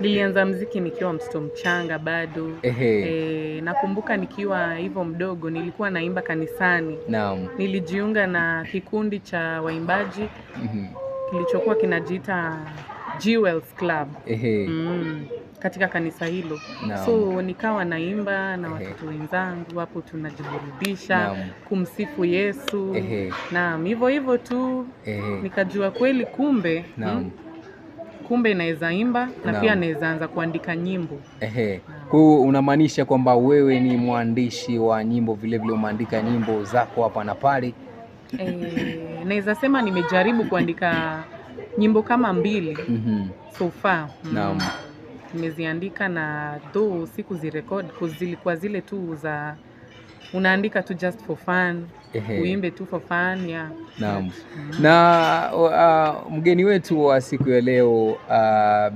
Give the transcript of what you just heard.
Nilianza mziki nikiwa mtoto mchanga bado. Ehe. E, nakumbuka nikiwa hivyo mdogo nilikuwa naimba kanisani. Naam. Nilijiunga na kikundi cha waimbaji mhm. kilichokuwa kinajiita Jewels Club Ehe. mm, katika kanisa hilo. Naam. So nikawa naimba na watoto wenzangu hapo tunajiburudisha, kumsifu Yesu. Ehe. Naam, hivyo hivyo tu Ehe. nikajua kweli kumbe hmm, Naam. mm, kumbe naweza imba na, na pia naweza anza kuandika nyimbo. Ehe. Huu unamaanisha kwamba wewe ni mwandishi wa nyimbo vilevile, umeandika nyimbo zako hapa na pale? E, naweza sema nimejaribu kuandika nyimbo kama mbili mm -hmm. so far mm. Nimeziandika na do siku zirekod, zile tu za unaandika tu just for fun uimbe tu for fun yeah. Naam. Mm. Na uh, mgeni wetu wa siku ya leo uh,